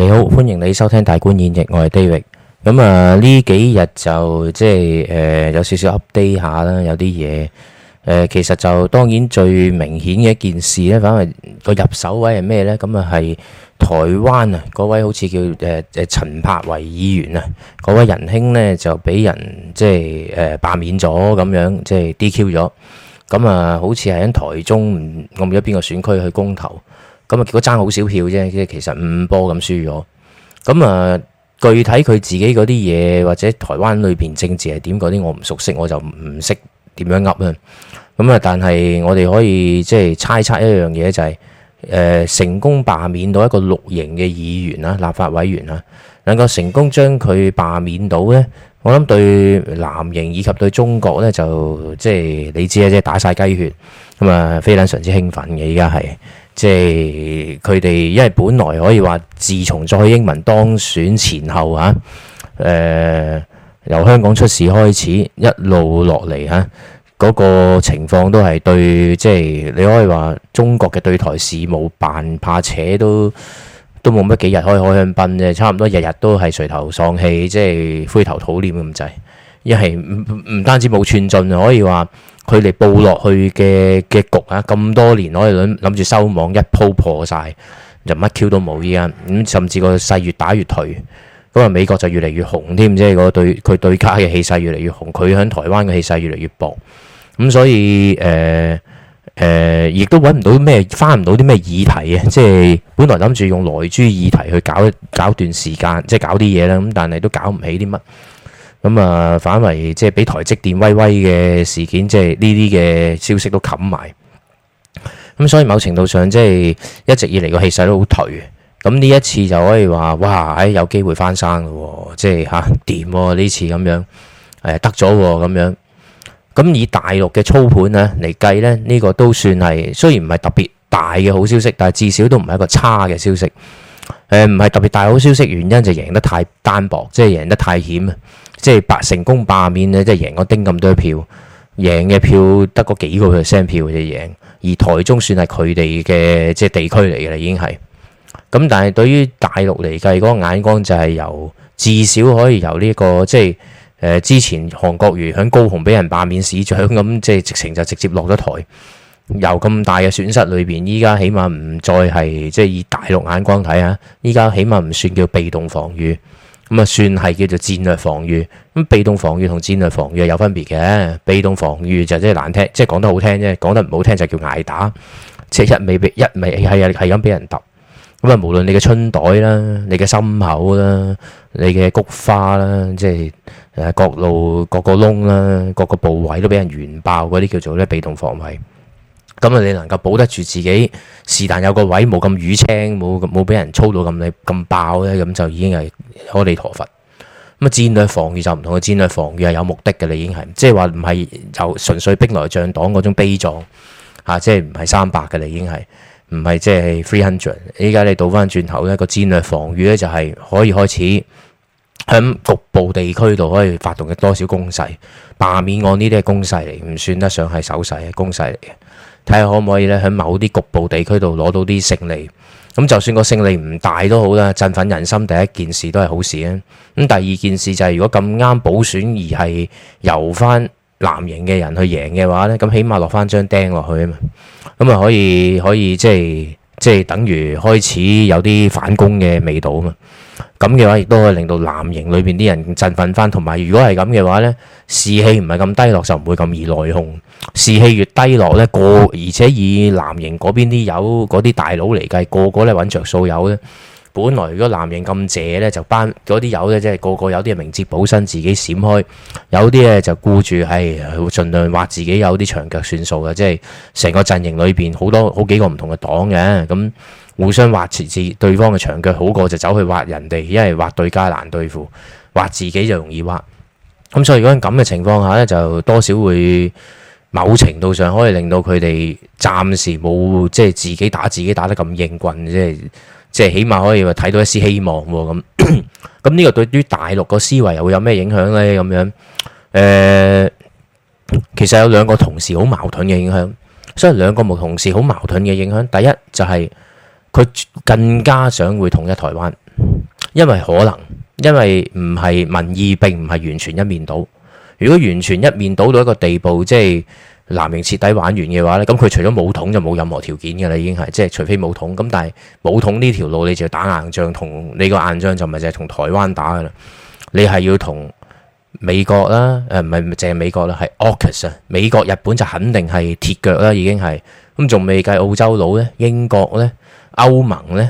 你好，歡迎你收聽《大觀演繹》，我係 David。咁啊，呢幾日就即係誒、呃，有少少 update 下啦，有啲嘢誒，其實就當然最明顯嘅一件事呢，反為個入手位係咩呢？咁啊，係台灣啊，嗰位好似叫誒誒陳柏惟議員啊，嗰位仁兄呢，就俾人即係誒罷免咗，咁樣即係 DQ 咗。咁啊，好似係喺台中，我唔知邊個選區去公投。咁啊，結果爭好少票啫，即係其實五,五波咁輸咗。咁啊，具體佢自己嗰啲嘢或者台灣裏邊政治係點嗰啲，我唔熟悉，我就唔識點樣噏啦。咁啊，但係我哋可以即係猜測一樣嘢，就係、是、誒、呃、成功罷免到一個綠營嘅議員啦，立法委員啦，能夠成功將佢罷免到呢，我諗對藍營以及對中國呢，就即係你知啦，即係打晒雞血，咁、嗯、啊，非常之興奮嘅，依家係。即係佢哋，因為本來可以話，自從蔡英文當選前後嚇，誒、啊呃、由香港出事開始，一路落嚟嚇，嗰、啊那個情況都係對，即係你可以話中國嘅對台事務辦怕且都都冇乜幾日可以開，開香檳啫，差唔多日日都係垂頭喪氣，即係灰頭土臉咁滯。一係唔唔單止冇寸進，可以話。佢哋佈落去嘅嘅局啊，咁多年我哋諗諗住收網一鋪破晒，就乜 Q 都冇依家。咁、嗯、甚至個勢越打越退，咁、嗯、啊美國就越嚟越紅添，即係、個對佢對家嘅氣勢越嚟越紅，佢喺台灣嘅氣勢越嚟越薄。咁、嗯、所以誒誒，亦、呃呃、都揾唔到咩，翻唔到啲咩議題啊！即係本來諗住用萊豬議題去搞一搞段時間，即係搞啲嘢啦。咁但係都搞唔起啲乜。咁啊，反為即係俾台積電威威嘅事件，即係呢啲嘅消息都冚埋。咁所以某程度上，即係一直以嚟個氣勢都好頹。咁呢一次就可以話，哇！誒有機會翻生嘅喎，即係嚇掂喎，呢次咁樣，誒得咗喎咁樣。咁、哎啊、以大陸嘅操盤咧嚟計呢，呢、呢個都算係雖然唔係特別大嘅好消息，但係至少都唔係一個差嘅消息。誒唔係特別大好消息，原因就贏得太單薄，即係贏得太險啊！即係白成功罷免，咧，即係贏我丁咁多票，贏嘅票得個幾個 percent 票就贏。而台中算係佢哋嘅即係地區嚟嘅啦，已經係。咁但係對於大陸嚟計，嗰、那個眼光就係由至少可以由呢、這個即係誒、呃、之前韓國瑜喺高雄俾人罷免市長咁，即係直情就直接落咗台。由咁大嘅損失裏邊，依家起碼唔再係即係以大陸眼光睇下，依家起碼唔算叫被動防禦。咁啊，算係叫做戰略防禦。咁被動防禦同戰略防禦有分別嘅。被動防禦就即係難聽，即係講得好聽啫，講得唔好聽就叫挨打。即係一味俾一味係啊係咁俾人揼。咁啊，無論你嘅春袋啦，你嘅心口啦，你嘅菊花啦，即係誒各路各個窿啦，各個部位都俾人完爆，嗰啲叫做咧被動防衞。咁啊！你能夠保得住自己，是但有個位冇咁瘀青，冇冇俾人操到咁咁爆咧，咁就已經係阿彌陀佛。咁啊，戰略防禦就唔同，個戰略防禦係有目的嘅啦，你已經係，即係話唔係就是、純粹兵來將擋嗰種悲壯嚇、啊，即係唔係三百嘅啦，你已經係，唔係即係 three hundred。依家你倒翻轉頭咧，個戰略防禦咧就係可以開始喺局部地區度可以發動嘅多少攻勢，罷免案呢啲係攻勢嚟，唔算得上係守勢嘅攻勢嚟嘅。睇下可唔可以咧喺某啲局部地區度攞到啲勝利，咁就算個勝利唔大都好啦，振奮人心第一件事都係好事啊！咁第二件事就係、是、如果咁啱補選而係由翻藍營嘅人去贏嘅話咧，咁起碼落翻張釘落去啊嘛，咁啊可以可以即係即係等於開始有啲反攻嘅味道啊嘛～咁嘅話，亦都可以令到藍營裏邊啲人振奮翻，同埋如果係咁嘅話呢，士氣唔係咁低落，就唔會咁易內訌。士氣越低落呢，個而且以藍營嗰邊啲友嗰啲大佬嚟計，個個咧揾着數有呢。本來如果藍營咁謝呢，就班嗰啲友呢，即係個個有啲係明哲保身，自己閃開；有啲呢，就顧住，係盡量話自己有啲長腳算數嘅。即係成個陣營裏邊好多好幾個唔同嘅黨嘅咁。互相挖設置對方嘅長腳好過，就走去挖人哋。因為挖對家難對付，挖自己就容易挖。咁、嗯、所以如果咁嘅情況下呢，就多少會某程度上可以令到佢哋暫時冇即係自己打自己打得咁應棍，即係即係起碼可以話睇到一絲希望喎。咁咁，呢個對於大陸個思維又會有咩影響呢？咁樣誒、呃，其實有兩個同時好矛盾嘅影響，所以兩個冇同時好矛盾嘅影響。第一就係，是。佢更加想會統一台灣，因為可能，因為唔係民意並唔係完全一面倒。如果完全一面倒到一個地步，即係藍營徹底玩完嘅話咧，咁佢除咗武統就冇任何條件㗎啦，已經係即係除非武統。咁但係武統呢條路，你就要打硬仗，同你個硬仗就唔係淨係同台灣打㗎啦。你係要同美國啦，誒唔係淨係美國啦，係歐洲啊，美國、日本就肯定係鐵腳啦，已經係。咁仲未計澳洲佬呢，英國呢。歐盟呢，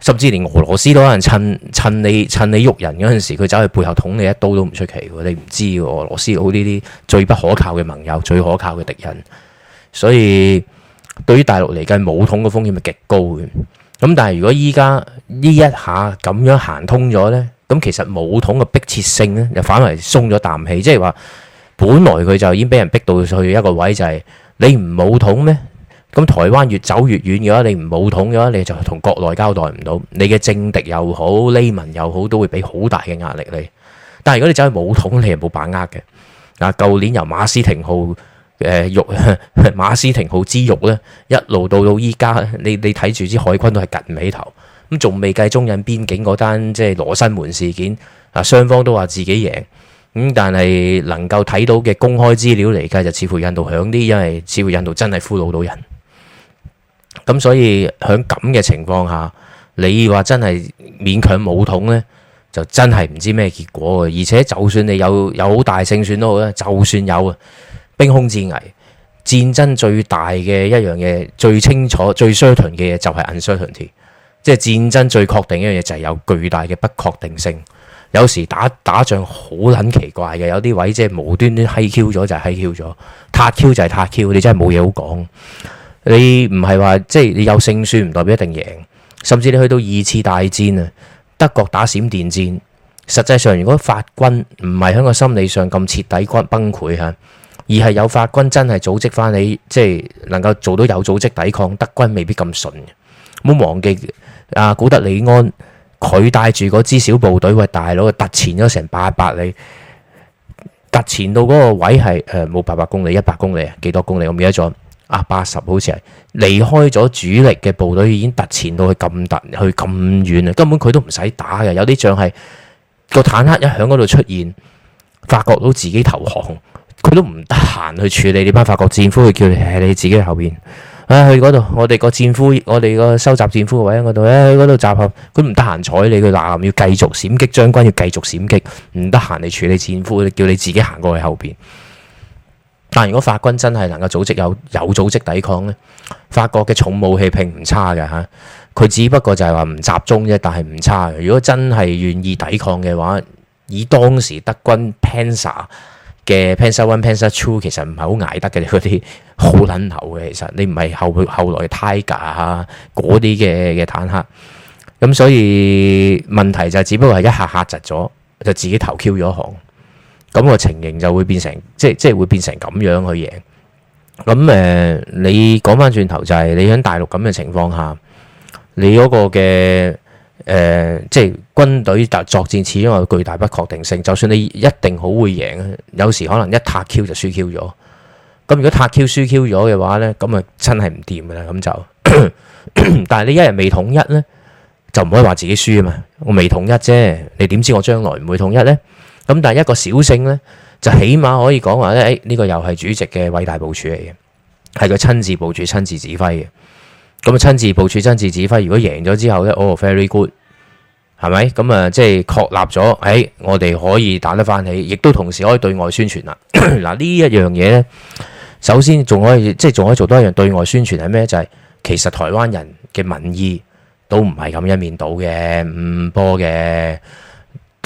甚至連俄羅斯都可能趁趁你趁你喐人嗰陣時，佢走去背後捅你一刀都唔出奇。你唔知俄羅斯好呢啲最不可靠嘅盟友，最可靠嘅敵人。所以對於大陸嚟計，武統嘅風險係極高嘅。咁但係如果依家呢一下咁樣行通咗呢，咁其實武統嘅迫切性呢，又反為鬆咗啖氣。即係話本來佢就已經俾人逼到去一個位，就是，就係你唔武統咩？咁台灣越走越遠嘅話，如果你唔武統嘅話，咗你就同國內交代唔到，你嘅政敵又好，呢民又好，都會俾好大嘅壓力你。但係如果你走去武統，你係冇把握嘅。啊，舊年由馬斯廷號誒肉、呃、 馬斯廷號之肉咧，一路到到依家，你你睇住支海軍都係趌唔起頭。咁仲未計中印邊境嗰單即係羅生門事件，啊，雙方都話自己贏。咁但係能夠睇到嘅公開資料嚟計就似乎印度響啲，因為似乎印度真係俘虜到人。咁所以喺咁嘅情況下，你話真係勉強武統呢，就真係唔知咩結果嘅。而且就算你有有好大勝算都好咧，就算有啊，兵凶戰危，戰爭最大嘅一樣嘢，最清楚、最 certain 嘅嘢就係 uncertainty，即係戰爭最確定一樣嘢就係有巨大嘅不確定性。有時打打仗好撚奇怪嘅，有啲位即係無端端 hi q 咗就係 hi q 咗，撻 q 就係撻 q，你真係冇嘢好講。你唔係話即係你有勝算，唔代表一定贏。甚至你去到二次大戰啊，德國打閃電戰，實際上如果法軍唔係喺個心理上咁徹底崩潰吓，而係有法軍真係組織翻你，即係能夠做到有組織抵抗德軍，未必咁順。唔好忘記啊，古德里安佢帶住嗰支小部隊，喂大佬啊，突前咗成八百里，突前到嗰個位係誒冇八百公里，一百公里啊，幾多公里我唔記得咗。啊！八十好似係離開咗主力嘅部隊，已經突前到突去咁突去咁遠啦。根本佢都唔使打嘅，有啲仗係個坦克一響嗰度出現，法國都自己投降，佢都唔得閒去處理你班法國戰俘，佢叫你喺你自己後邊啊去嗰度。我哋個戰俘，我哋個收集戰俘位喺嗰度，喺嗰度集合，佢唔得閒睬你，佢男要繼續閃擊將軍要繼，要繼續閃擊，唔得閒你處理戰俘，叫你自己行過去後邊。但如果法軍真係能夠組織有有組織抵抗呢？法國嘅重武器並唔差嘅嚇，佢、啊、只不過就係話唔集中啫，但係唔差。如果真係願意抵抗嘅話，以當時德軍 Panzer 嘅 Panzer One、Panzer Two 其實唔係好捱得嘅嗰啲，好撚厚嘅其實。你唔係後後來 Tiger 啊嗰啲嘅嘅坦克。咁所以問題就只不過係一下嚇窒咗，就自己投 Q 咗行。咁個情形就會變成，即係即係會變成咁樣去贏。咁誒、呃，你講返轉頭就係、是、你喺大陸咁嘅情況下，你嗰個嘅誒、呃，即係軍隊作戰，始終有巨大不確定性。就算你一定好會贏，有時可能一撻 Q 就輸 Q 咗。咁如果撻 Q 輸 Q 咗嘅話咧，咁啊真係唔掂㗎喇，咁就。 但係你一日未統一咧，就唔可以話自己輸啊嘛。我未統一啫，你點知我將來唔會統一咧？咁但係一個小勝呢，就起碼可以講話咧，誒呢個又係主席嘅偉大部署嚟嘅，係佢親自部署、親自指揮嘅。咁啊，親自部署、親自指揮。如果贏咗之後呢，哦，very good，係咪？咁啊，即係確立咗，誒，我哋可以打得翻起，亦都同時可以對外宣傳啦。嗱，呢一樣嘢呢，首先仲可以，即係仲可以做多一樣對外宣傳係咩？就係其實台灣人嘅民意都唔係咁一面倒嘅，唔波嘅。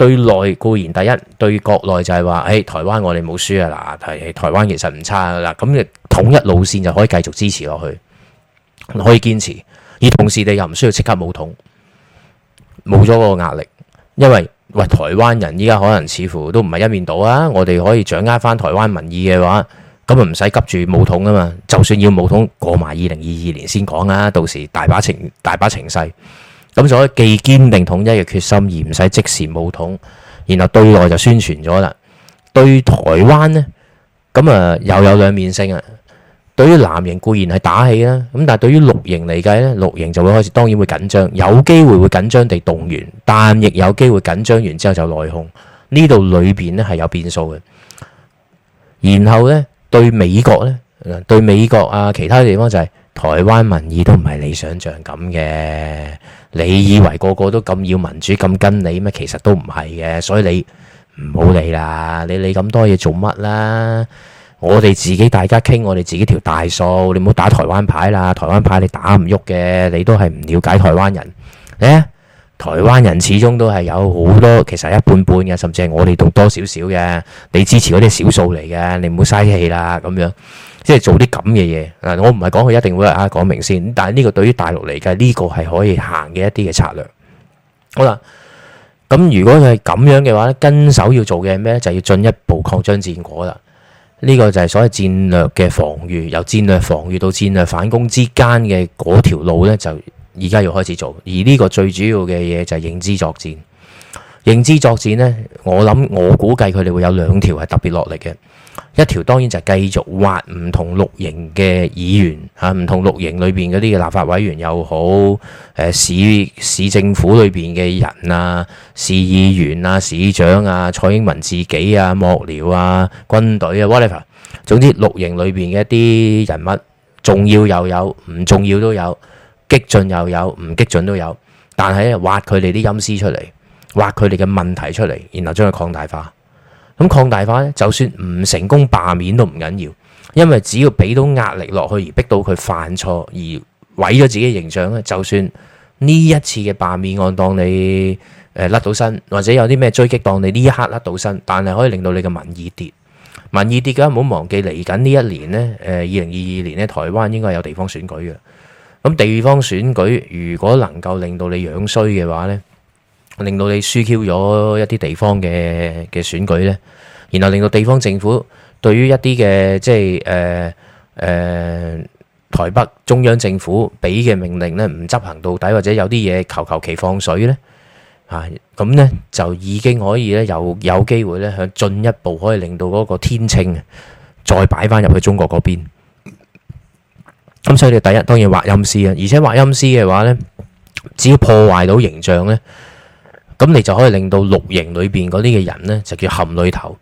對內固然第一，對國內就係話，誒，台灣我哋冇輸啊！嗱，係台灣其實唔差噶啦，咁統一路線就可以繼續支持落去，可以堅持。而同時你又唔需要即刻武統，冇咗嗰個壓力，因為喂，台灣人依家可能似乎都唔係一面倒啊！我哋可以掌握翻台灣民意嘅話，咁啊唔使急住武統啊嘛，就算要武統過埋二零二二年先講啊，到時大把情大把情勢。咁所以既堅定統一嘅決心，而唔使即時武統，然後對內就宣傳咗啦。對台灣呢，咁啊又有兩面性啊。對於藍營固然係打氣啦，咁但係對於綠營嚟計呢，綠營就會開始當然會緊張，有機會會緊張地動員，但亦有機會緊張完之後就內訌。呢度裏邊呢係有變數嘅。然後呢，對美國呢，對美國啊其他地方就係、是。台灣民意都唔係你想像咁嘅，你以為個個都咁要民主咁跟你咩？其實都唔係嘅，所以你唔好理啦，你理咁多嘢做乜啦？我哋自己大家傾我哋自己條大數，你唔好打台灣牌啦，台灣牌你打唔喐嘅，你都係唔了解台灣人，誒。台灣人始終都係有好多，其實一半半嘅，甚至係我哋讀多少少嘅。你支持嗰啲少數嚟嘅，你唔好嘥氣啦，咁樣即係做啲咁嘅嘢嗱。我唔係講佢一定會啊，講明先。但係呢個對於大陸嚟嘅呢個係可以行嘅一啲嘅策略。好啦，咁如果係咁樣嘅話咧，跟手要做嘅咩咧，就要進一步擴張戰果啦。呢個就係所謂戰略嘅防禦，由戰略防禦到戰略反攻之間嘅嗰條路咧就。而家要開始做，而呢個最主要嘅嘢就係認知作戰。認知作戰呢，我諗我估計佢哋會有兩條係特別落力嘅。一條當然就係繼續挖唔同綠營嘅議員嚇，唔、啊、同綠營裏邊嗰啲嘅立法委員又好，誒、啊、市市政府裏邊嘅人啊，市議員啊，市長啊，蔡英文自己啊，幕僚啊，軍隊啊，Whatever，總之綠營裏邊嘅一啲人物，重要又有，唔重要都有。激進又有，唔激進都有。但係咧，挖佢哋啲陰私出嚟，挖佢哋嘅問題出嚟，然後將佢擴大化。咁、嗯、擴大化咧，就算唔成功罷免都唔緊要，因為只要俾到壓力落去，而逼到佢犯錯，而毀咗自己形象咧，就算呢一次嘅罷免案當你、呃、甩到身，或者有啲咩追擊，當你呢一刻甩到身，但係可以令到你嘅民意跌，民意跌嘅。唔好忘記嚟緊呢一年呢誒，二零二二年呢，台灣應該有地方選舉嘅。咁地方選舉如果能夠令到你樣衰嘅話呢，令到你輸 Q 咗一啲地方嘅嘅選舉呢，然後令到地方政府對於一啲嘅即係誒、呃呃、台北中央政府俾嘅命令呢唔執行到底，或者有啲嘢求求其放水呢咁、啊、呢就已經可以呢有有機會呢去進一步可以令到嗰個天秤再擺翻入去中國嗰邊。咁、嗯、所以你第一當然挖陰私啊，而且挖陰私嘅話呢，只要破壞到形象呢，咁你就可以令到綠營裏邊嗰啲嘅人呢，就叫含淚投。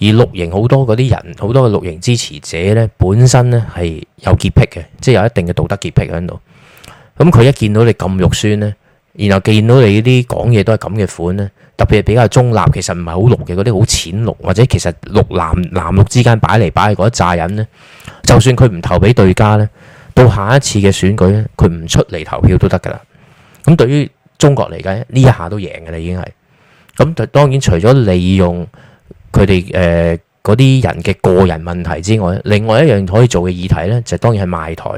而綠營好多嗰啲人，好多嘅綠營支持者呢，本身呢係有潔癖嘅，即係有一定嘅道德潔癖喺度。咁佢一見到你咁肉酸呢，然後見到你啲講嘢都係咁嘅款呢，特別係比較中立，其實唔係好綠嘅嗰啲好淺綠或者其實綠藍藍綠之間擺嚟擺去嗰一紮人呢，就算佢唔投俾對家呢。到下一次嘅選舉咧，佢唔出嚟投票都得噶啦。咁對於中國嚟講，呢一下都贏噶啦，已經係咁。當然除咗利用佢哋誒嗰啲人嘅個人問題之外，另外一樣可以做嘅議題呢，就是、當然係賣台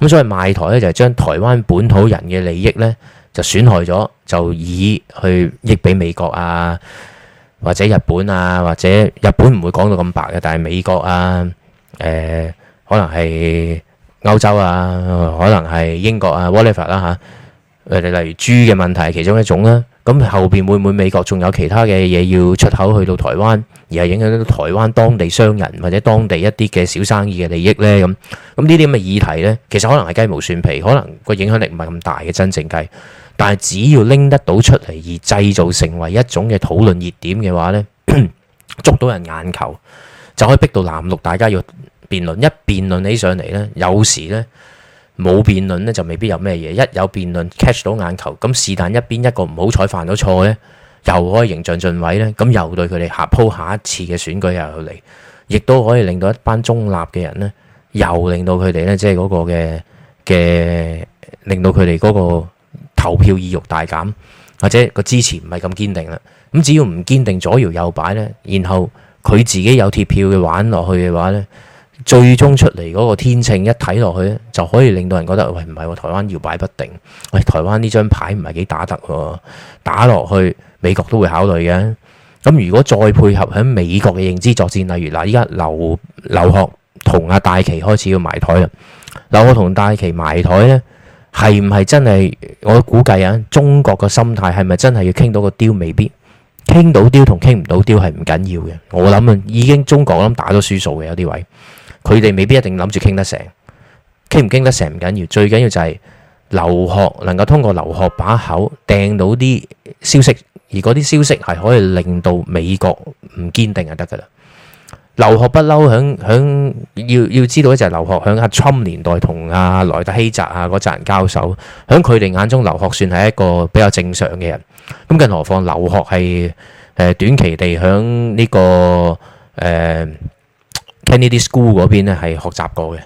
咁。所謂賣台呢，就係、是、將台灣本土人嘅利益呢，就損害咗，就以去益俾美國啊，或者日本啊，或者日本唔會講到咁白嘅，但係美國啊，誒、呃、可能係。歐洲啊，可能係英國啊 Wallace 啦吓，誒、啊，例如豬嘅問題其中一種啦、啊。咁後邊會唔會美國仲有其他嘅嘢要出口去到台灣，而係影響到台灣當地商人或者當地一啲嘅小生意嘅利益呢？咁咁呢啲咁嘅議題呢，其實可能係雞毛蒜皮，可能個影響力唔係咁大嘅真正計。但係只要拎得到出嚟而製造成為一種嘅討論熱點嘅話呢，捉到人眼球就可以逼到藍綠大家要。辯論一辯論起上嚟呢，有時呢冇辯論呢，就未必有咩嘢，一有辯論 catch 到眼球，咁是但一邊一個唔好彩犯咗錯呢，又可以形象盡毀呢。咁又對佢哋下鋪下一次嘅選舉又有利，亦都可以令到一班中立嘅人呢，又令到佢哋呢，即係嗰個嘅嘅令到佢哋嗰個投票意欲大減，或者個支持唔係咁堅定啦。咁只要唔堅定左搖右擺呢，然後佢自己有鐵票嘅玩落去嘅話呢。最終出嚟嗰個天秤一睇落去咧，就可以令到人覺得喂唔係喎，台灣搖擺不定。喂，台灣呢張牌唔係幾打得喎，打落去美國都會考慮嘅。咁如果再配合喺美國嘅認知作戰，例如嗱，依家劉劉鶴同阿戴琪開始要埋枱啦。嗱，我同戴琪埋枱呢，係唔係真係？我估計啊，中國嘅心態係咪真係要傾到個 deal，未必傾到 deal 同傾唔到 deal 係唔緊要嘅。我諗啊，已經中國諗打咗輸數嘅有啲位。佢哋未必一定諗住傾得成，傾唔傾得成唔緊要，最緊要就係劉鶴能夠通過劉鶴把口掟到啲消息，而嗰啲消息係可以令到美國唔堅定就得噶啦。劉鶴不嬲，響響，要要知道咧，就係劉鶴響阿侵年代同阿、啊、萊特希澤啊扎人交手，響佢哋眼中劉鶴算係一個比較正常嘅人。咁更何況劉鶴係誒短期地響呢、這個誒。呃喺呢啲 Kennedy School 嗰邊咧係學習過嘅，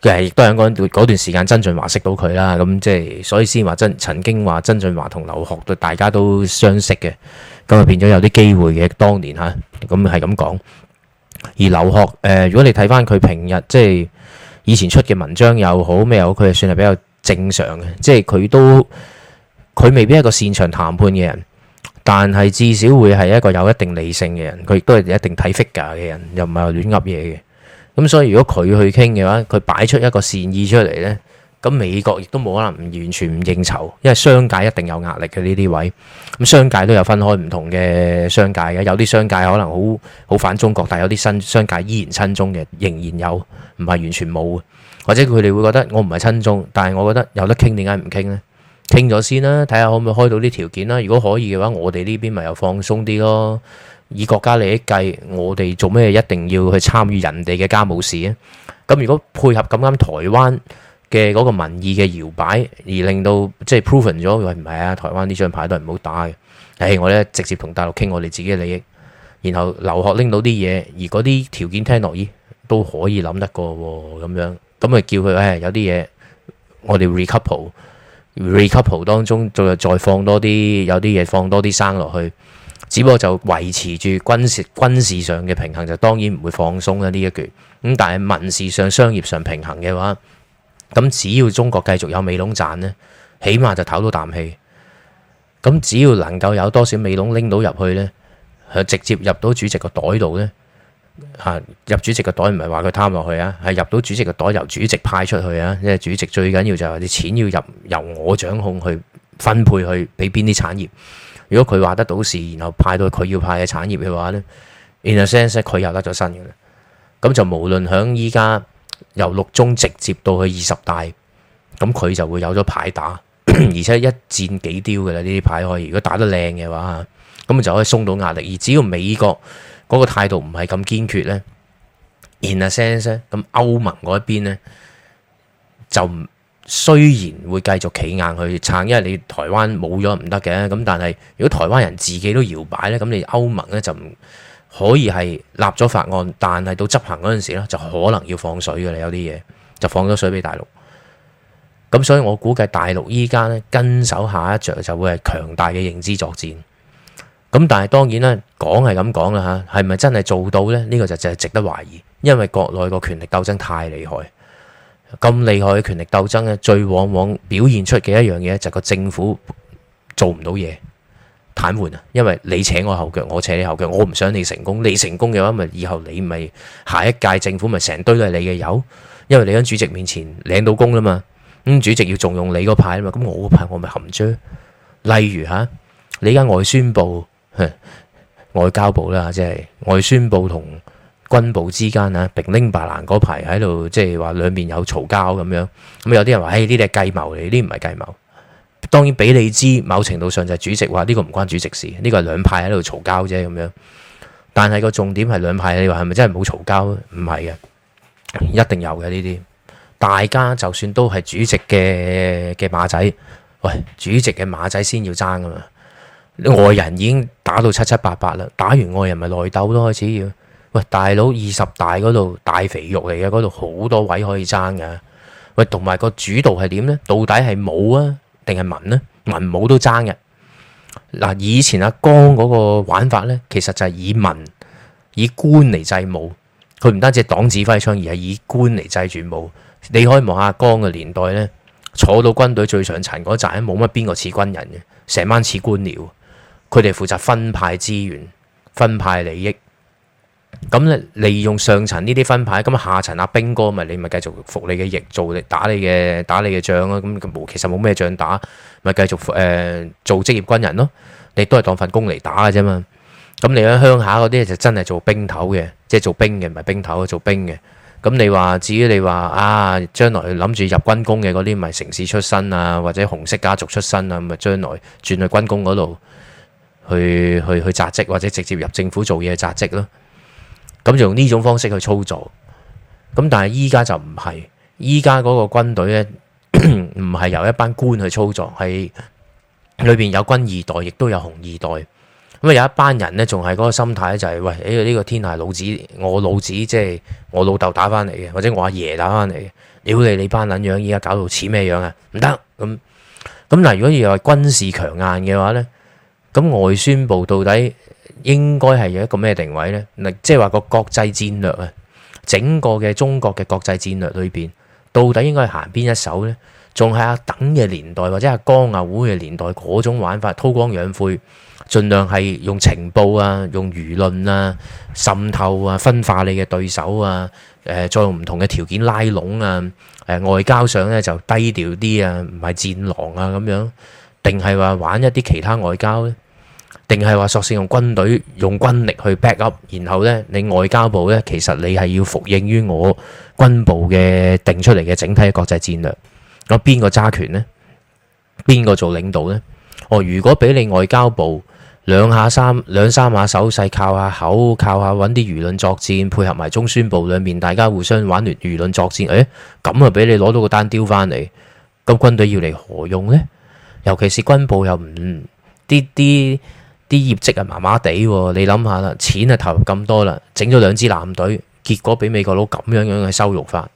其實亦都係嗰段時間，曾俊華識到佢啦。咁即係所以先話曾曾經話曾俊華同劉鶴，對大家都相識嘅，咁啊變咗有啲機會嘅。當年吓，咁係咁講。而劉鶴誒，如果你睇翻佢平日即係、就是、以前出嘅文章又好咩又好，佢就算係比較正常嘅，即係佢都佢未必係一個擅長談判嘅人。但係至少會係一個有一定理性嘅人，佢亦都係一定睇 figure 嘅人，又唔係亂噏嘢嘅。咁所以如果佢去傾嘅話，佢擺出一個善意出嚟呢，咁美國亦都冇可能唔完全唔應酬，因為商界一定有壓力嘅呢啲位。咁商界都有分開唔同嘅商界嘅，有啲商界可能好好反中國，但係有啲新商界依然親中嘅，仍然有唔係完全冇，或者佢哋會覺得我唔係親中，但係我覺得有得傾點解唔傾呢？傾咗先啦，睇下可唔可以開到啲條件啦。如果可以嘅話，我哋呢邊咪又放鬆啲咯。以國家利益計，我哋做咩一定要去參與人哋嘅家務事咧？咁如果配合咁啱台灣嘅嗰個民意嘅搖擺，而令到即係 proven 咗，喂唔係啊，台灣呢張牌都係唔好打嘅。唉，我咧直接同大陸傾我哋自己嘅利益，然後留學拎到啲嘢，而嗰啲條件聽落咦都可以諗得過咁樣，咁咪叫佢唉有啲嘢我哋 recouple。recouple 當中，再再放多啲，有啲嘢放多啲生落去，只不過就維持住軍事軍事上嘅平衡，就當然唔會放鬆啦呢一句。咁但係民事上、商業上平衡嘅話，咁只要中國繼續有美籠賺呢，起碼就唞到啖氣。咁只要能夠有多少美籠拎到入去呢，係直接入到主席個袋度呢。啊！入主席嘅袋唔係話佢貪落去啊，係入到主席嘅袋，由主席派出去啊！因為主席最緊要就係啲錢要入，由我掌控去分配去俾邊啲產業。如果佢話得到事，然後派到佢要派嘅產業嘅話呢 in a sense 佢又得咗新嘅。咁就無論響依家由六中直接到去二十大，咁佢就會有咗牌打，而且一戰幾鵰嘅啦。呢啲牌可以，如果打得靚嘅話，咁就可以鬆到壓力。而只要美國，嗰個態度唔係咁堅決咧，in a sense 咁歐盟嗰一邊咧就雖然會繼續企硬去撐，因為你台灣冇咗唔得嘅，咁但係如果台灣人自己都搖擺咧，咁你歐盟咧就唔可以係立咗法案，但係到執行嗰陣時咧就可能要放水㗎啦，有啲嘢就放咗水俾大陸。咁所以我估計大陸依家咧跟手下一著就會係強大嘅認知作戰。咁但係當然啦，講係咁講啦吓，係咪真係做到呢？呢個就就係值得懷疑，因為國內個權力鬥爭太厲害，咁厲害嘅權力鬥爭呢，最往往表現出嘅一樣嘢就係個政府做唔到嘢，癱瘓啊！因為你扯我後腳，我扯你後腳，我唔想你成功，你成功嘅話咪以後你咪下一屆政府咪成堆都係你嘅友，因為你喺主席面前領到功啦嘛，咁主席要重用你嗰派嘛，咁我嗰派我咪含臟。例如吓，你而家外宣部。外交部啦，即係外宣部同軍部之間啊，平拎白蘭嗰排喺度，即係話兩邊有嘈交咁樣。咁、嗯、有啲人話，哎，呢啲係計謀嚟，呢啲唔係計謀。當然俾你知，某程度上就係主席話呢個唔關主席事，呢、這個兩派喺度嘈交啫咁樣。但係個重點係兩派，你話係咪真係冇嘈交？唔係嘅，一定有嘅呢啲。大家就算都係主席嘅嘅馬仔，喂，主席嘅馬仔先要爭噶嘛。外人已經打到七七八八啦，打完外人咪內鬥都開始要喂，大佬，二十大嗰度大肥肉嚟嘅，嗰度好多位可以爭嘅。喂，同埋個主導係點呢？到底係武啊，定係文呢、啊？文武都爭嘅。嗱，以前阿江嗰個玩法呢，其實就係以文以官嚟制武，佢唔單止黨指揮槍，而係以官嚟制住武。你可以望下阿江嘅年代呢，坐到軍隊最上層嗰陣，冇乜邊個似軍人嘅，成晚似官僚。佢哋負責分派資源、分派利益，咁咧，利用上層呢啲分派，咁下層阿兵哥咪你咪繼續服你嘅役，做你打你嘅打你嘅仗啦。咁其實冇咩仗打，咪繼續誒、呃、做職業軍人咯。你都係當份工嚟打嘅啫嘛。咁你喺鄉下嗰啲就真係做兵頭嘅，即係做兵嘅，唔係兵頭，做兵嘅。咁你話至於你話啊，將來諗住入軍工嘅嗰啲，咪城市出身啊，或者紅色家族出身啊，咁咪將來轉去軍工嗰度。去去去扎職或者直接入政府做嘢扎職咯，咁用呢種方式去操作，咁但係依家就唔係，依家嗰個軍隊呢，唔係 由一班官去操作，係裏邊有軍二代，亦都有紅二代，咁啊有一班人呢，仲係嗰個心態就係、是、喂呢、哎這個天下老子我老子即係、就是、我老豆打翻嚟嘅，或者我阿爺打翻嚟嘅，屌你你班捻樣，依家搞到似咩樣啊？唔得咁咁嗱，如果要係軍事強硬嘅話呢。咁外宣部到底應該係有一個咩定位呢？即係話個國際戰略啊，整個嘅中國嘅國際戰略裏邊，到底應該行邊一手呢？仲係阿等嘅年代，或者阿江阿胡嘅年代嗰種玩法，韜光養晦，儘量係用情報啊，用輿論啊，滲透啊，分化你嘅對手啊，誒、呃，再用唔同嘅條件拉攏啊，誒、呃，外交上咧就低調啲啊，唔係戰狼啊咁樣，定係話玩一啲其他外交呢？定係話索性用軍隊用軍力去 back up，然後呢，你外交部呢，其實你係要服應於我軍部嘅定出嚟嘅整體嘅國際戰略。我邊個揸權呢？邊個做領導呢？哦，如果俾你外交部兩下三兩三下手勢，靠下口，靠下揾啲輿論作戰，配合埋中宣部兩面大家互相玩完輿論作戰，誒咁啊，俾你攞到個單雕翻嚟，咁軍隊要嚟何用呢？尤其是軍部又唔啲啲。啲業績啊，麻麻地喎！你諗下啦，錢啊投入咁多啦，整咗兩支艦隊，結果俾美國佬咁樣樣嘅羞辱法。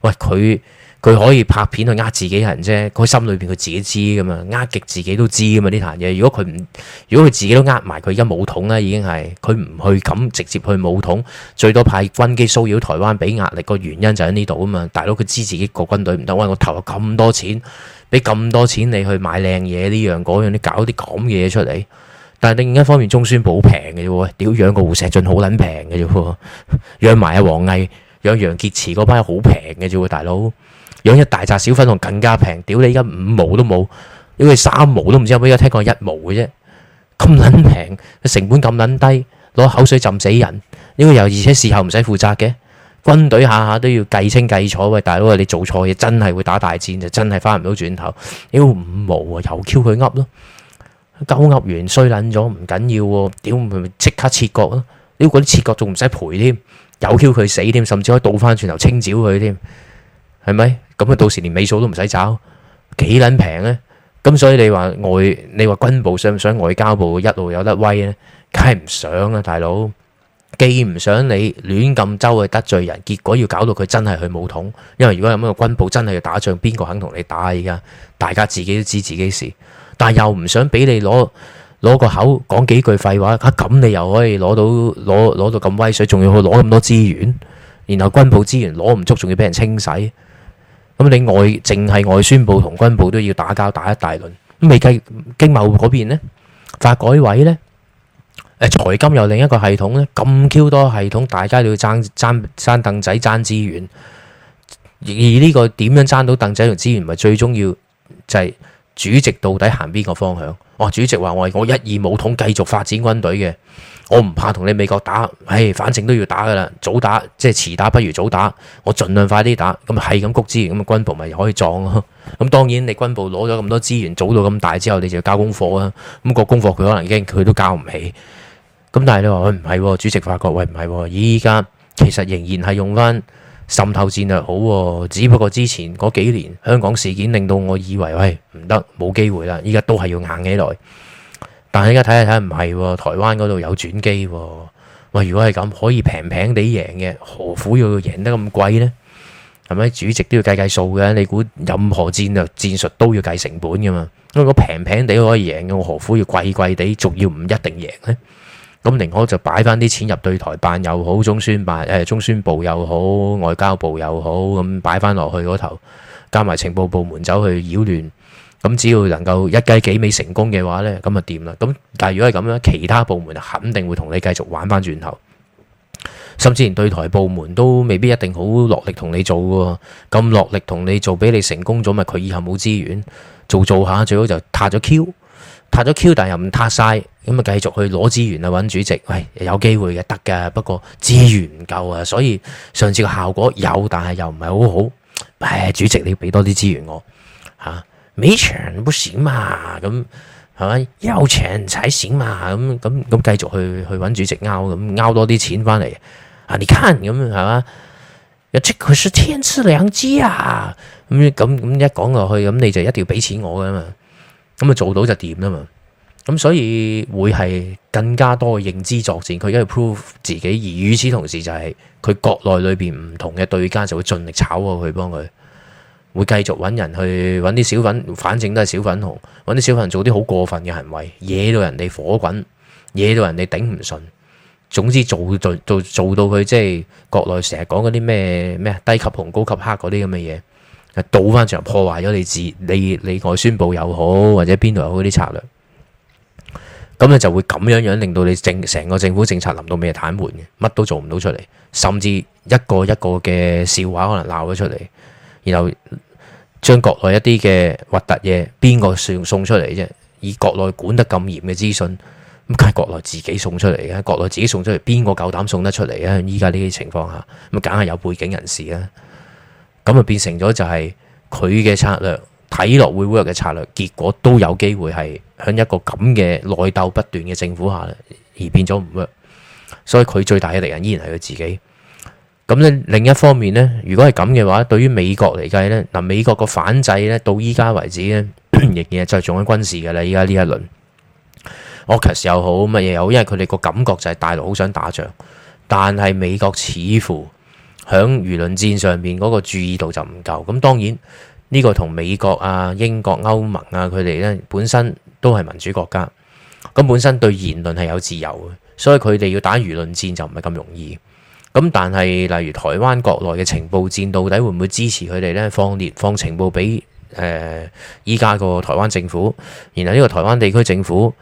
喂，佢佢可以拍片去呃自己人啫，佢心裏邊佢自己知噶嘛，呃極自己都知噶嘛呢啲嘢。如果佢唔，如果佢自己都呃埋，佢而家武統咧已經係佢唔去咁直接去武統，最多派軍機騷擾台灣俾壓力。個原因就喺呢度啊嘛！大佬佢知自己個軍隊唔得，喂，我投入咁多錢，俾咁多錢你去買靚嘢呢樣嗰樣，你搞啲咁嘅嘢出嚟。但係另一方面，中宣部平嘅啫喎，屌養個胡錫進好撚平嘅啫喎，養埋阿王毅，養楊潔篪嗰班嘢好平嘅啫喎，大佬養一大紮小粉紅更加平，屌你而家五毛都冇，因為三毛都唔知有冇，依家聽講一毛嘅啫，咁撚平，成本咁撚低，攞口水浸死人，因為又而且事後唔使負責嘅，軍隊下下都要計清計楚喂，大佬你做錯嘢真係會打大戰就真係翻唔到轉頭，屌，屌五毛啊又 Q 佢噏咯。勾鴨完衰撚咗唔緊要喎，屌咪即刻切割咯！屌啲切割仲唔使賠添，有挑佢死添，甚至可以倒翻轉頭清剿佢添，係咪？咁啊到時連尾數都唔使找，幾撚平呢？咁所以你話外，你話軍部想唔想外交部一路有得威呢？梗係唔想啊，大佬！既唔想你亂咁周去得罪人，結果要搞到佢真係去武統，因為如果有乜軍部真係要打仗，邊個肯同你打啊？而家大家自己都知自己事。但又唔想俾你攞攞個口講幾句廢話，吓咁你又可以攞到攞攞到咁威水，仲要去攞咁多資源，然後軍部資源攞唔足，仲要俾人清洗。咁你外淨係外宣部同軍部都要打交打一大輪，咁未計經貿嗰邊咧，發改委咧，誒財金又另一個系統咧，咁 Q 多系統，大家都要爭爭爭凳仔爭資源，而呢個點樣爭到凳仔同資源，咪最終要就係。主席到底行邊個方向？哦，主席話我我一二武統繼續發展軍隊嘅，我唔怕同你美國打，唉、哎，反正都要打噶啦，早打即係遲打不如早打，我盡量快啲打，咁係咁谷資源，咁啊軍部咪可以撞咯。咁當然你軍部攞咗咁多資源，早到咁大之後，你就要交功課啊。咁個功課佢可能已經佢都交唔起。咁但係你話佢唔係，主席發覺喂唔係，依、哎、家、哦、其實仍然係用翻。滲透戰略好喎，只不過之前嗰幾年香港事件令到我以為喂，唔得，冇機會啦。依家都係要硬起來，但係依家睇下睇唔係，台灣嗰度有轉機喎。喂，如果係咁可以平平地贏嘅，何苦要贏得咁貴呢？係咪主席都要計計數嘅？你估任何戰略戰術都要計成本噶嘛？因為平平地可以贏，我何苦要貴貴地，仲要唔一定贏呢？咁寧可就擺翻啲錢入對台辦又好，中宣辦、誒中宣部又好，外交部又好，咁擺翻落去嗰頭，加埋情報部門走去擾亂，咁只要能夠一雞幾味成功嘅話呢，咁就掂啦。咁但係如果係咁樣，其他部門肯定會同你繼續玩翻轉頭，甚至連對台部門都未必一定好落力同你做嘅喎。咁落力同你做，俾你成功咗，咪佢以後冇資源做做下，最好就踏咗 Q。撻咗 Q 但又唔撻晒，咁啊，繼續去攞資源啊，揾主席，喂，有機會嘅得嘅，不過資源唔夠啊，所以上次嘅效果有，但係又唔係好好。誒、哎，主席你要俾多啲資源我嚇，米、啊、場不錢嘛，咁係咪？有錢才錢嘛，咁咁咁繼續去去揾主席拗咁拗多啲錢翻嚟啊，你看咁係嘛？一即佢說天知兩知」啊，咁咁咁一講落去，咁你就一定要俾錢我噶嘛。咁啊做到就掂啦嘛，咁所以會係更加多嘅認知作戰，佢而家要 prove 自己，而與此同時就係、是、佢國內裏邊唔同嘅對家就會盡力炒過，去幫佢，會繼續揾人去揾啲小粉，反正都係小粉紅，揾啲小粉紅做啲好過分嘅行為，惹到人哋火滾，惹到人哋頂唔順，總之做做做，做到佢即係國內成日講嗰啲咩咩低級紅高級黑嗰啲咁嘅嘢。倒翻場，破壞咗你自你你外宣部又好，或者邊度又好啲策略，咁你就會咁樣樣令到你政成個政府政策臨到尾係癱瘓嘅，乜都做唔到出嚟，甚至一個一個嘅笑話可能鬧咗出嚟，然後將國內一啲嘅核突嘢，邊個算送出嚟啫？以國內管得咁嚴嘅資訊，咁梗係國內自己送出嚟嘅，國內自己送出嚟，邊個夠膽送得出嚟啊？依家呢啲情況下，咁梗係有背景人士啦。咁啊，就變成咗就係佢嘅策略睇落會 work 嘅策略，結果都有機會係喺一個咁嘅內鬥不斷嘅政府下，而變咗唔 work。所以佢最大嘅敵人依然係佢自己。咁咧另一方面呢，如果係咁嘅話，對於美國嚟計呢，嗱美國個反制呢，到依家為止呢， 仍然係在做緊軍事噶啦。依家呢一輪，AUKUS 又好，乜嘢又好，因為佢哋個感覺就係大陸好想打仗，但係美國似乎。響輿論戰上面嗰個注意度就唔夠，咁當然呢個同美國啊、英國、歐盟啊，佢哋呢本身都係民主國家，咁本身對言論係有自由嘅，所以佢哋要打輿論戰就唔係咁容易。咁但係例如台灣國內嘅情報戰，到底會唔會支持佢哋呢？放列放情報俾誒依家個台灣政府，然後呢個台灣地區政府？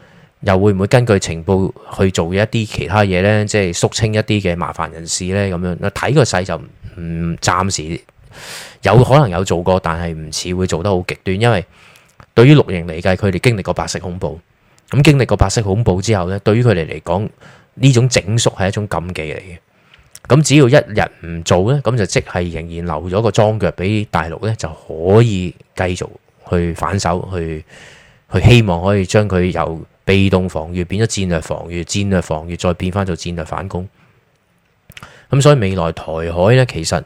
又會唔會根據情報去做一啲其他嘢呢？即係肅清一啲嘅麻煩人士呢？咁樣睇個勢就唔暫時有可能有做過，但係唔似會做得好極端，因為對於綠營嚟計，佢哋經歷過白色恐怖，咁經歷過白色恐怖之後呢，對於佢哋嚟講，呢種整肅係一種禁忌嚟嘅。咁只要一日唔做呢，咁就即係仍然留咗個樁腳俾大陸呢，就可以繼續去反手去去希望可以將佢由，被動防御變咗戰略防御，戰略防御再變翻做戰略反攻。咁所以未來台海呢，其實誒、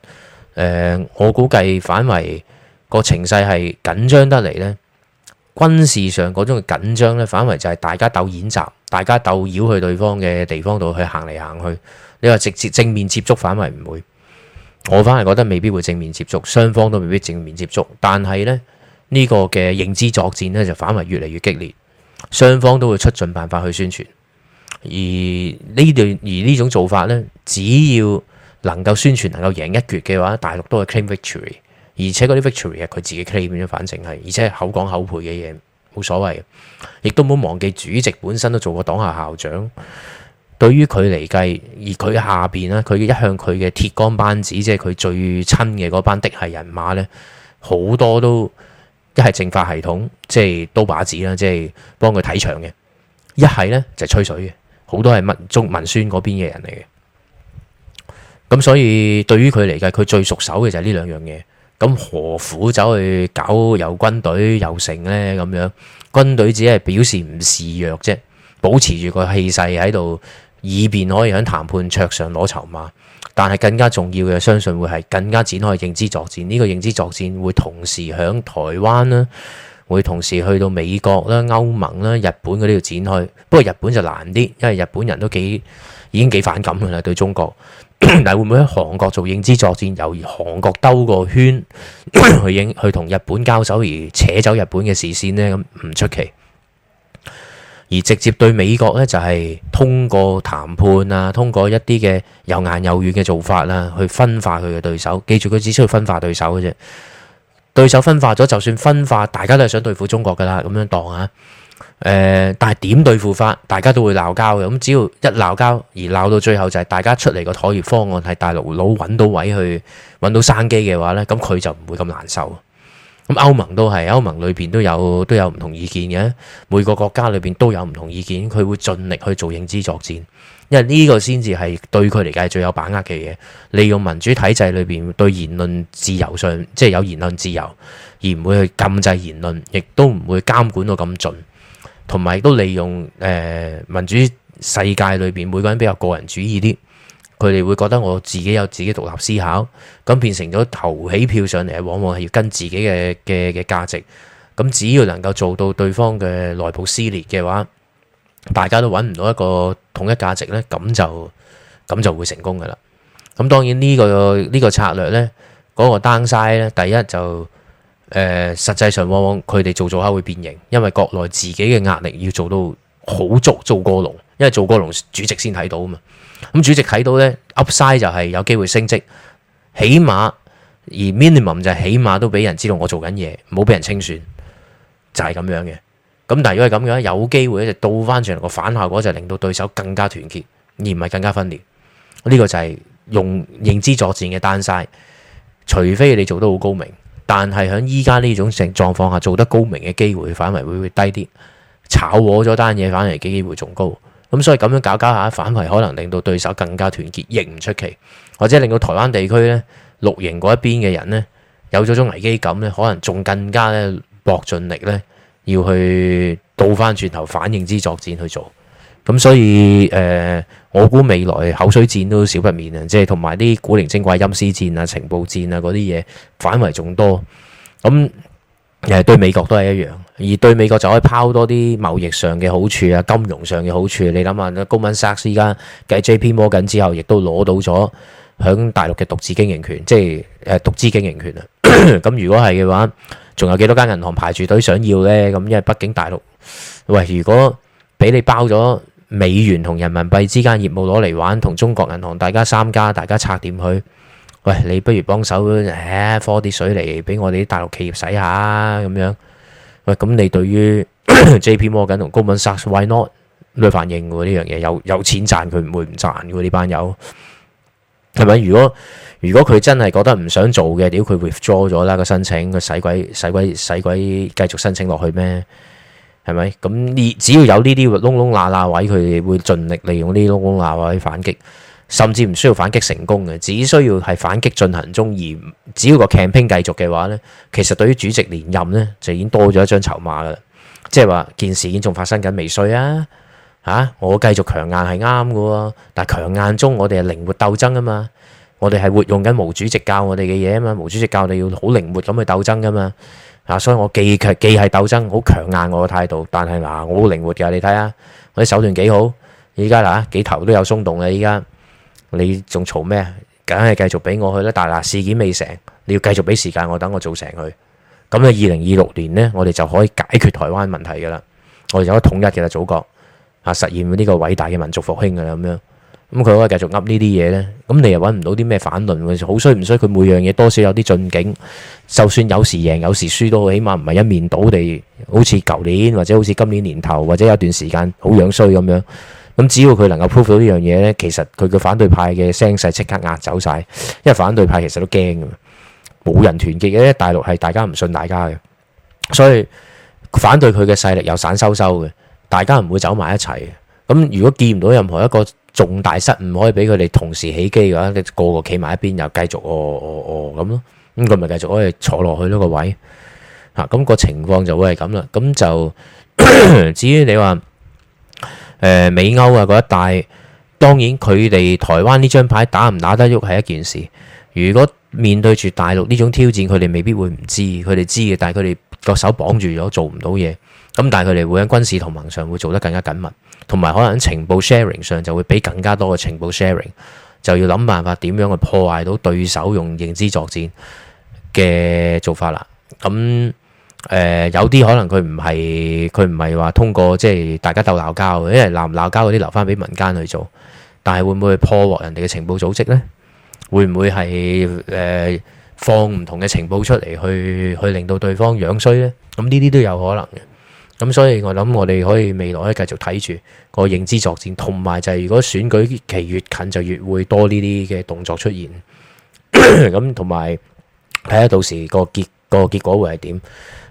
呃，我估計反為個情勢係緊張得嚟呢。軍事上嗰種嘅緊張咧，反為就係大家鬥演習，大家鬥繞去對方嘅地方度去行嚟行去。你話直接正面接觸反為唔會，我反而覺得未必會正面接觸，雙方都未必正面接觸。但係呢，呢、呢個嘅認知作戰呢，就反為越嚟越激烈。雙方都會出盡辦法去宣傳，而呢段而呢種做法呢，只要能夠宣傳、能夠贏一決嘅話，大陸都係 claim victory，而且嗰啲 victory 係，佢自己 claim 嘅，反正係，而且口講口賠嘅嘢冇所謂，亦都唔好忘記主席本身都做過黨校校長，對於佢嚟計，而佢下邊呢，佢一向佢嘅鐵桿班子，即係佢最親嘅嗰班嫡系人馬呢，好多都。一係政法系統，即係刀把子啦，即係幫佢睇場嘅；一係呢，就吹水嘅，好多係民中文宣嗰邊嘅人嚟嘅。咁所以對於佢嚟計，佢最熟手嘅就係呢兩樣嘢。咁何苦走去搞有軍隊有城呢？咁樣軍隊只係表示唔示弱啫，保持住個氣勢喺度，以便可以喺談判桌上攞籌碼。但係更加重要嘅，相信會係更加展開認知作戰。呢、呢個認知作戰會同時響台灣啦，會同時去到美國啦、歐盟啦、日本嗰啲度展開。不過日本就難啲，因為日本人都幾已經幾反感嘅啦對中國。 但係會唔會喺韓國做認知作戰，由韓國兜個圈 去影去同日本交手而扯走日本嘅視線呢？咁唔出奇。而直接對美國呢，就係通過談判啊，通過一啲嘅有硬有軟嘅做法啦，去分化佢嘅對手。記住佢只需要分化對手嘅啫，對手分化咗，就算分化，大家都係想對付中國噶啦，咁樣當啊、呃。但係點對付法，大家都會鬧交嘅。咁只要一鬧交，而鬧到最後就係大家出嚟個妥協方案，係大陸佬揾到位去揾到生機嘅話呢，咁佢就唔會咁難受。咁歐盟都係，歐盟裏邊都有都有唔同意見嘅，每個國家裏邊都有唔同意見，佢會盡力去做認知作戰，因為呢個先至係對佢嚟講係最有把握嘅嘢。利用民主體制裏邊對言論自由上，即係有言論自由，而唔會去禁制言論，亦都唔會監管到咁盡，同埋都利用誒民主世界裏邊每個人比較個人主義啲。佢哋會覺得我自己有自己獨立思考，咁變成咗投起票上嚟，往往係要跟自己嘅嘅嘅價值。咁只要能夠做到對方嘅內部撕裂嘅話，大家都揾唔到一個統一價值呢，咁就咁就會成功噶啦。咁當然呢個呢個策略呢，嗰個 downside 呢，第一就誒，呃，實際上往往佢哋做做下會變形，因為國內自己嘅壓力要做到。好足做，做過龍，因為做過龍主席先睇到啊嘛。咁主席睇到呢 upside 就係有機會升職，起碼而 minimum 就係起碼都俾人知道我做緊嘢，唔好俾人清算，就係、是、咁樣嘅。咁但係如果係咁樣，有機會咧就倒翻轉嚟個反效果就令到對手更加團結，而唔係更加分裂。呢、這個就係用認知作戰嘅 down 晒，除非你做得好高明，但係喺依家呢種情狀況下做得高明嘅機會範圍會會低啲。炒和咗單嘢，反而機會仲高。咁所以咁樣搞搞下，反為，可能令到對手更加團結，亦唔出奇。或者令到台灣地區呢，綠營嗰一邊嘅人呢，有咗種危機感呢，可能仲更加咧搏盡力呢，要去倒翻轉頭反應之作戰去做。咁所以誒、呃，我估未來口水戰都少不免啊！即係同埋啲古靈精怪陰司戰啊、情報戰啊嗰啲嘢，反為仲多。咁誒、呃、對美國都係一樣。而對美國就可以拋多啲貿易上嘅好處啊，金融上嘅好處。你諗下，Goldman Sachs 依家繼 JP 摩緊之後，亦都攞到咗響大陸嘅獨自經營權，即係誒獨資經營權啊。咁 如果係嘅話，仲有幾多間銀行排住隊想要呢？咁因為畢竟大陸喂，如果俾你包咗美元同人民幣之間業務攞嚟玩，同中國銀行大家三家大家拆點佢？喂，你不如幫手誒，放、啊、啲水嚟俾我哋啲大陸企業洗下啊，咁樣。喂，咁你對於 J.P. 摩根同 Goldman Sachs，Why Not？咩反應喎？呢樣嘢有有錢賺，佢唔會唔賺嘅，呢班友係咪？如果如果佢真係覺得唔想做嘅，屌佢 withdraw 咗啦個申請，佢使鬼使鬼使鬼繼續申請落去咩？係咪？咁你只要有呢啲窿窿罅罅位，佢哋會盡力利用呢啲窿窿罅位反擊。甚至唔需要反擊成功嘅，只需要係反擊進行中而只要個 campaign 繼續嘅話呢，其實對於主席連任呢，就已經多咗一張籌碼啦。即係話件事件仲發生緊未遂啊？吓、啊？我繼續強硬係啱㗎喎，但係強硬中我哋係靈活鬥爭啊嘛。我哋係活用緊毛主席教我哋嘅嘢啊嘛。毛主席教我哋要好靈活咁去鬥爭啊嘛。啊，所以我既強既係鬥爭好強硬我嘅態度，但係嗱我好靈活嘅，你睇下，我啲手段幾好。依家嗱幾頭都有鬆動啦，依家。你仲嘈咩？梗係繼續俾我去啦！但係嗱，事件未成，你要繼續俾時間我，等我做成佢。咁啊，二零二六年呢，我哋就可以解決台灣問題噶啦，我哋就可以統一嘅啦，祖國啊，實現呢個偉大嘅民族復興㗎喇咁樣。咁佢可以繼續噏呢啲嘢呢？咁你又搵唔到啲咩反論？好衰唔衰？佢每樣嘢多少有啲進境，就算有時贏，有時輸都好，起碼唔係一面倒地，好似舊年或者好似今年年頭或者有段時間好樣衰咁樣。咁只要佢能夠 prove 到呢樣嘢呢，其實佢嘅反對派嘅聲勢即刻壓走晒，因為反對派其實都驚嘅，冇人團結嘅，大陸係大家唔信大家嘅，所以反對佢嘅勢力又散收收嘅，大家唔會走埋一齊嘅。咁如果見唔到任何一個重大失誤可以俾佢哋同時起機嘅話，個個企埋一邊又繼續哦哦哦咁咯，咁佢咪繼續可以坐落去呢個位嚇？咁個情況就會係咁啦。咁就 至於你話。誒、呃、美歐啊嗰一帶，當然佢哋台灣呢張牌打唔打得喐係一件事。如果面對住大陸呢種挑戰，佢哋未必會唔知，佢哋知嘅，但係佢哋個手綁住咗，做唔到嘢。咁、嗯、但係佢哋會喺軍事同盟上會做得更加緊密，同埋可能喺情報 sharing 上就會俾更加多嘅情報 sharing，就要諗辦法點樣去破壞到對手用認知作戰嘅做法啦。咁、嗯。誒、呃，有啲可能佢唔係佢唔係話通過即係大家鬥鬧交，因為鬧唔鬧交嗰啲留翻俾民間去做。但係會唔會破獲人哋嘅情報組織呢？會唔會係誒、呃、放唔同嘅情報出嚟去去令到對方樣衰呢？咁呢啲都有可能嘅。咁、嗯、所以我諗我哋可以未來咧繼續睇住個認知作戰，同埋就係如果選舉期越近就越會多呢啲嘅動作出現。咁同埋睇下到時個結、個結果會係點。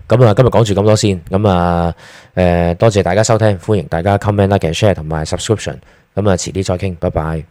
咁啊，今日講住咁多先。咁啊，誒，多謝大家收聽，歡迎大家 comment、like、share 同埋 subscription。咁啊，遲啲再傾，拜拜。